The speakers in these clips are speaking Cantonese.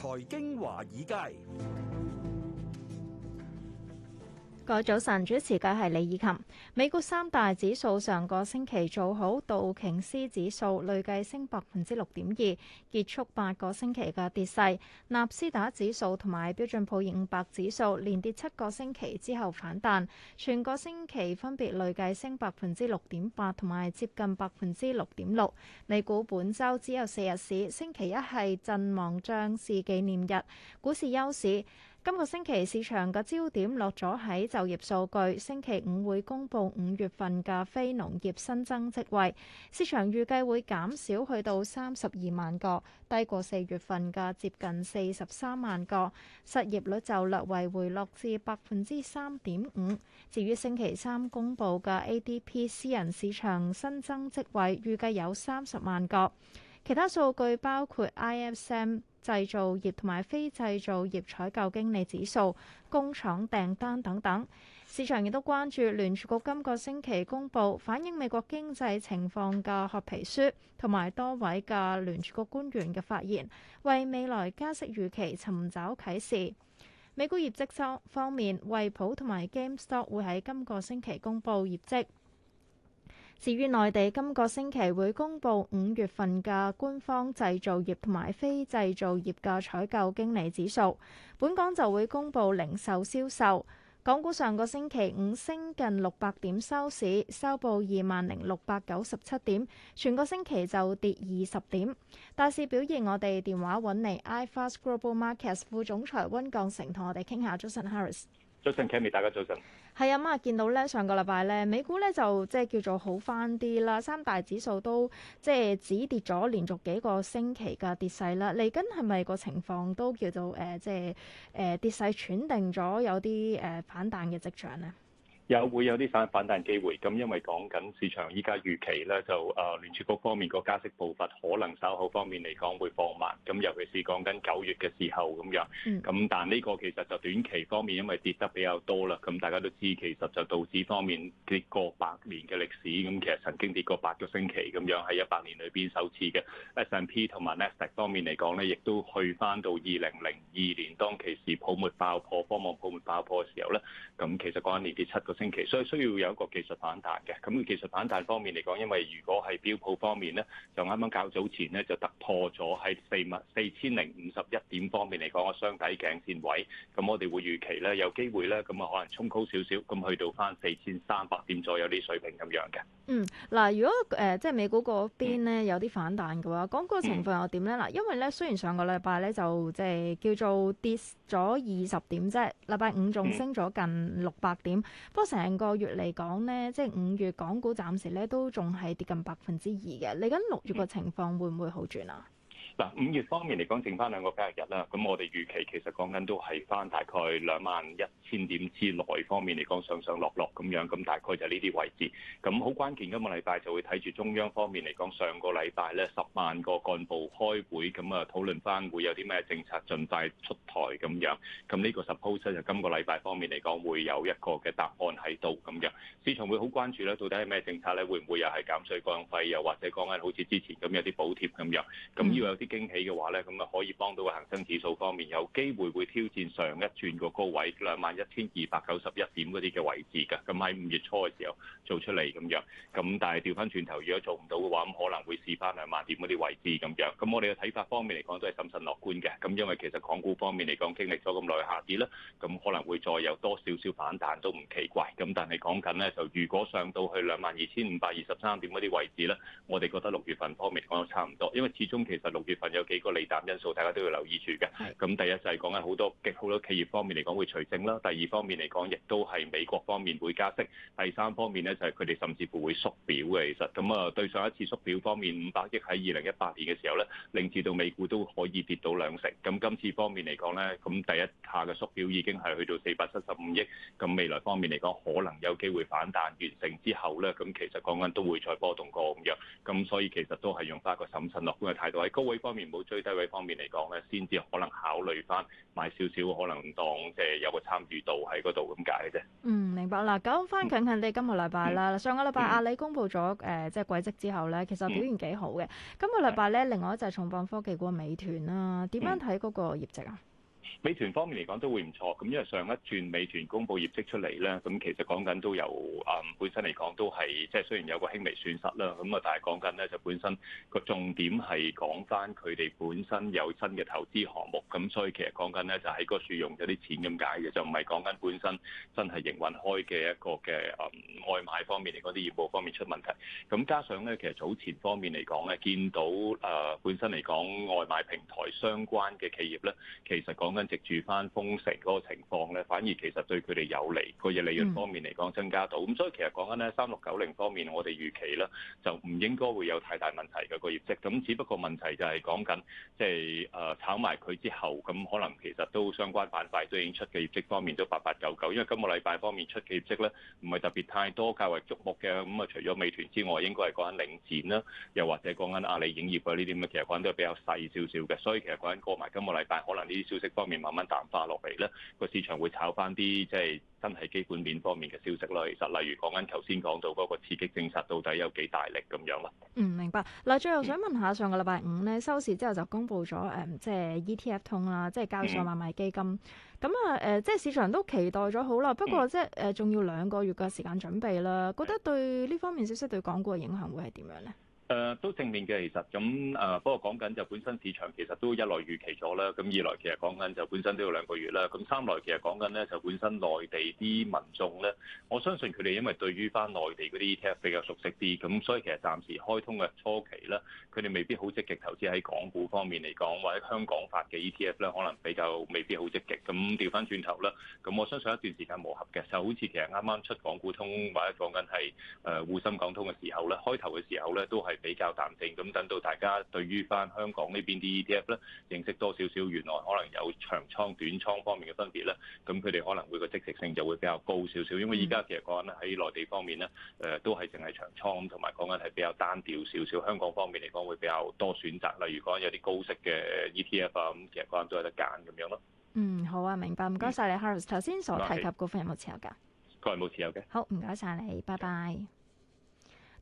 財經華爾街。各位早晨，主持嘅係李以琴。美國三大指數上個星期做好，道瓊斯指數累計升百分之六點二，結束八個星期嘅跌勢，納斯達指數同埋標準普爾五百指數連跌七個星期之後反彈，全個星期分別累計升百分之六點八同埋接近百分之六點六。美股本周只有四日市，星期一係陣亡將士紀念日，股市休市。今個星期市場嘅焦點落咗喺就業數據，星期五會公布五月份嘅非農業新增職位，市場預計會減少去到三十二萬個，低過四月份嘅接近四十三萬個。失業率就略為回落至百分之三點五。至於星期三公布嘅 ADP 私人市場新增職位，預計有三十萬個。其他數據包括 ISM。製造業同埋非製造業採購經理指數、工廠訂單等等，市場亦都關注聯儲局今個星期公佈反映美國經濟情況嘅褐皮書，同埋多位嘅聯儲局官員嘅發言，為未來加息預期尋找啟示。美股業績方方面，惠普同埋 GameStop 會喺今個星期公佈業績。至於內地今個星期會公布五月份嘅官方製造業同埋非製造業嘅採購經理指數，本港就會公布零售銷售。港股上個星期五升近六百點收市，收報二萬零六百九十七點，全個星期就跌二十點。大市表現，我哋電話揾嚟，iFAST Global Markets 副總裁温鋼成同我哋傾下 Justin Harris。早晨 k e n n y，大家早晨。係啊，咁啊，見到咧，上個禮拜咧，美股咧就即係叫做好翻啲啦，三大指數都即係止跌咗，連續幾個星期嘅跌勢啦。嚟緊係咪個情況都叫做誒、呃，即係誒、呃，跌勢喘定咗，有啲誒反彈嘅跡象咧？有會有啲反反彈機會，咁因為講緊市場依家預期咧，就誒聯儲局方面個加息步伐可能稍後方面嚟講會放慢，咁尤其是講緊九月嘅時候咁樣。咁、嗯、但呢個其實就短期方面，因為跌得比較多啦，咁大家都知其實就道指方面跌過百年嘅歷史，咁其實曾經跌過八個星期咁樣喺一百年裏邊首次嘅 S&P 同埋 Nasdaq 方面嚟講咧，亦都去翻到二零零二年當其時泡沫爆破、泡沫泡沫爆破嘅時候咧，咁其實嗰一年跌七個。星期，所以需要有一個技術反彈嘅。咁技術反彈方面嚟講，因為如果係標普方面咧，就啱啱較早前咧就突破咗喺四萬四千零五十一點方面嚟講個雙底頸線位。咁我哋會預期咧有機會咧，咁啊可能衝高少少，咁去到返四千三百點左右啲水平咁樣嘅。嗯，嗱，如果誒、呃、即係美股嗰邊咧有啲反彈嘅話，港股嘅情況又點咧？嗱、嗯，因為咧雖然上個禮拜咧就即係叫做跌。咗二十點啫，禮拜五仲升咗近六百點。嗯、不過成個月嚟講咧，即係五月港股暫時咧都仲係跌近百分之二嘅。嚟緊六月個情況會唔會好轉啊？嗱，五月方面嚟講，剩翻兩個假日啦。咁我哋預期其實講緊都係翻大概兩萬一千點之內方面嚟講，上上落落咁樣。咁大概就呢啲位置。咁好關鍵，今個禮拜就會睇住中央方面嚟講，上個禮拜咧十萬個幹部開會，咁啊討論翻會有啲咩政策盡快出台咁樣。咁呢個 suppose 就今個禮拜方面嚟講會有一個嘅答案喺度咁樣。市場會好關注咧，到底係咩政策咧？會唔會又係減稅降費，又或者講緊好似之前咁有啲補貼咁樣？咁要有啲驚喜嘅話咧，咁啊可以幫到個恒生指數方面有機會會挑戰上一轉個高位兩萬一千二百九十一點嗰啲嘅位置嘅，咁喺五月初嘅時候做出嚟咁樣，咁但係調翻轉頭如果做唔到嘅話，咁可能會試翻兩萬點嗰啲位置咁樣。咁我哋嘅睇法方面嚟講都係審慎樂觀嘅，咁因為其實港股方面嚟講經歷咗咁耐下跌啦，咁可能會再有多少少反彈都唔奇怪。咁但係講緊呢，就如果上到去兩萬二千五百二十三點嗰啲位置咧，我哋覺得六月份方面講得差唔多，因為始終其實六月。係有幾個利淡因素，大家都要留意住嘅。咁第一就係講緊好多極好多企業方面嚟講會除證啦；第二方面嚟講，亦都係美國方面會加息；第三方面呢就係佢哋甚至乎會縮表嘅。其實咁啊，對上一次縮表方面五百億喺二零一八年嘅時候呢，令至到美股都可以跌到兩成。咁今次方面嚟講呢，咁第一下嘅縮表已經係去到四百七十五億。咁未來方面嚟講，可能有機會反彈完成之後呢，咁其實講緊都會再波動過咁樣。咁所以其實都係用翻一個審慎樂觀嘅態度喺高位。方面冇追低位方面嚟講咧，先至可能考慮翻買少少，可能當即係有個參與度喺嗰度咁解啫。嗯，明白啦。講翻近近哋今個禮拜啦，嗯、上個禮拜阿里公布咗誒即係季績之後咧，其實表現幾好嘅。嗯、今個禮拜咧，的另外一隻重磅科技股美團啦、啊，點樣睇嗰個業績啊？嗯美團方面嚟講都會唔錯，咁因為上一轉美團公布業績出嚟咧，咁其實講緊都有誒本身嚟講都係即係雖然有個輕微損失啦，咁啊但係講緊咧就本身個重點係講翻佢哋本身有新嘅投資項目，咁所以其實講緊咧就喺嗰處用咗啲錢咁解嘅，就唔係講緊本身真係營運開嘅一個嘅誒外賣方面嚟啲業務方面出問題。咁加上咧其實早前方面嚟講咧見到誒本身嚟講外賣平台相關嘅企業咧，其實講。跟住住翻封城嗰個情況咧，反而其實對佢哋有利，個利潤嘅方面嚟講增加到。咁、嗯、所以其實講緊咧，三六九零方面，我哋預期咧就唔應該會有太大問題嘅個業績。咁只不過問題就係講緊即係誒炒埋佢之後，咁可能其實都相關板塊都已經出嘅業績方面都八八九九。9，因為今個禮拜方面出嘅業績咧，唔係特別太多，較為矚目嘅咁啊。除咗美團之外，應該係講緊領展啦，又或者講緊阿里影業啊呢啲咁嘅，其實講緊都係比較細少少嘅。所以其實講緊過埋今個禮拜，可能呢啲消息方。面慢慢淡化落嚟咧，個市場會炒返啲即係真係基本面方面嘅消息啦。其實例如講緊頭先講到嗰個刺激政策，到底有幾大力咁樣啦。嗯，明白。嗱，最後想問下，上個禮拜五咧收市之後就公布咗誒，即係 ETF 通啦，即係交易所買賣基金。咁啊誒，即係市場都期待咗好耐啦。不過即係誒，仲、嗯呃、要兩個月嘅時間準備啦。覺得對呢方面消息、嗯、對港股嘅影響會係點樣咧？誒、嗯、都正面嘅，其實咁誒，不過、啊、講緊就本身市場其實都一來預期咗啦，咁二來其實講緊就本身都要兩個月啦，咁三來其實講緊咧就本身內地啲民眾咧，我相信佢哋因為對於翻內地嗰啲 ETF 比較熟悉啲，咁所以其實暫時開通嘅初期咧，佢哋未必好積極投資喺港股方面嚟講，或者香港發嘅 ETF 咧，可能比較未必好積極。咁調翻轉頭啦，咁我相信一段時間磨合嘅，就好似其實啱啱出港股通或者講緊係誒滬深港通嘅時候咧，開頭嘅時候咧都係。比較淡定咁，等到大家對於返香港呢邊啲 ETF 咧，認識多少少，原來可能有長倉、短倉方面嘅分別咧，咁佢哋可能會個積極性就會比較高少少。因為而家其實講緊喺內地方面咧，誒都係淨係長倉，咁同埋講緊係比較單調少少。香港方面嚟講，會比較多選擇，例如講有啲高息嘅 ETF 啊，咁，其實講緊都有得揀咁樣咯。嗯，好啊，明白。唔該晒你，Harold 頭先所提及嗰份有冇持有㗎？各位冇持有嘅。好，唔該晒你，拜拜。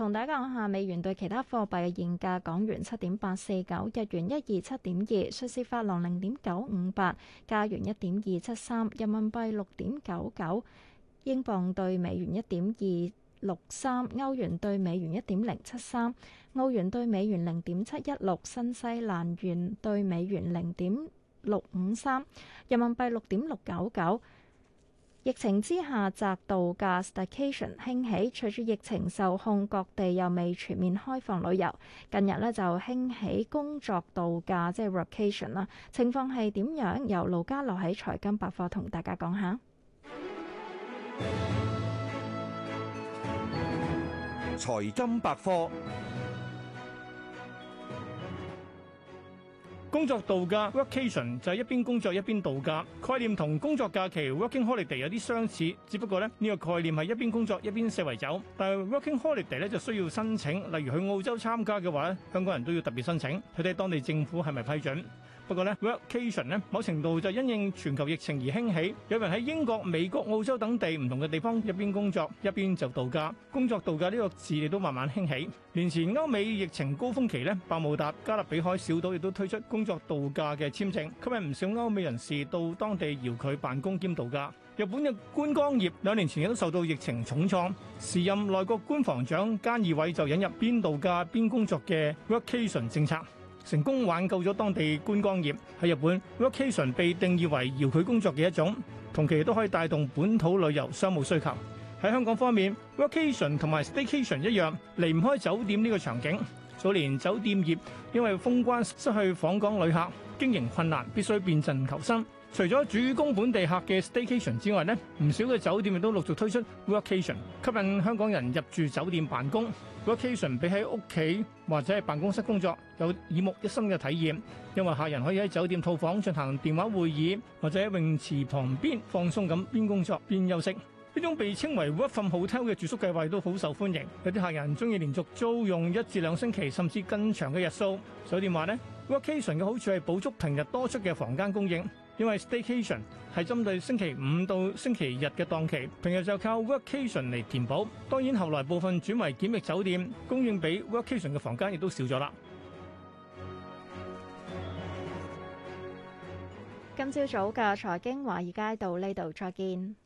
同大家講下美元對其他貨幣嘅現價：港元七點八四九，日元一二七點二，瑞士法郎零點九五八，加元一點二七三，人民幣六點九九，英鎊對美元一點二六三，歐元對美元一點零七三，澳元對美元零點七一六，新西蘭元對美元零點六五三，人民幣六點六九九。疫情之下，宅度假 （staycation） 興起。隨住疫情受控，各地又未全面開放旅遊，近日咧就興起工作度假，即、就、係、是、vacation 啦。情況係點樣？由盧家樂喺財金百科同大家講下。財金百科。。工作度假 （vacation） 就係一邊工作一邊度假，概念同工作假期 （working holiday） 有啲相似，只不過咧呢個概念係一邊工作一邊四圍走。但係 working holiday 有啲相似只不過咧呢個概念係一邊工作一邊四圍走但係 working 不過咧，workation 咧，某程度就因應全球疫情而興起。有人喺英國、美國、澳洲等地唔同嘅地方一邊工作一邊就度假。工作度假呢個字亦都慢慢興起。年前歐美疫情高峯期咧，百慕達、加勒比海小島亦都推出工作度假嘅簽證，吸引唔少歐美人士到當地遙距辦公兼度假。日本嘅觀光業兩年前亦都受到疫情重創，時任內閣官房長菅義偉就引入邊度假邊工作嘅 workation 政策。成功挽救咗當地觀光業。喺日本，對 workation 被定義為遙距工作嘅一種，同期都可以帶動本土旅遊商務需求。喺香港方面，workation 同埋 staycation 一樣，離唔開酒店呢個場景。早年酒店業因為封關失去訪港旅客，經營困難，必須變陣求生。除咗主攻本地客嘅 staycation 之外呢，呢唔少嘅酒店亦都陸續推出 workcation，吸引香港人入住酒店辦公。workcation 比喺屋企或者喺辦公室工作有耳目一新嘅體驗，因為客人可以喺酒店套房進行電話會議或者喺泳池旁邊放鬆，咁邊工作邊休息。呢種被稱為 work from hotel 嘅住宿計劃亦都好受歡迎。有啲客人中意連續租用一至兩星期，甚至更長嘅日數，酒店話呢 workcation 嘅好處係補足平日多出嘅房間供應。因為 staycation 係針對星期五到星期日嘅檔期，平日就靠 workcation 嚟填補。當然後來部分轉為檢疫酒店，供應畀 workcation 嘅房間亦都少咗啦。今朝早嘅財經華爾街到呢度再見。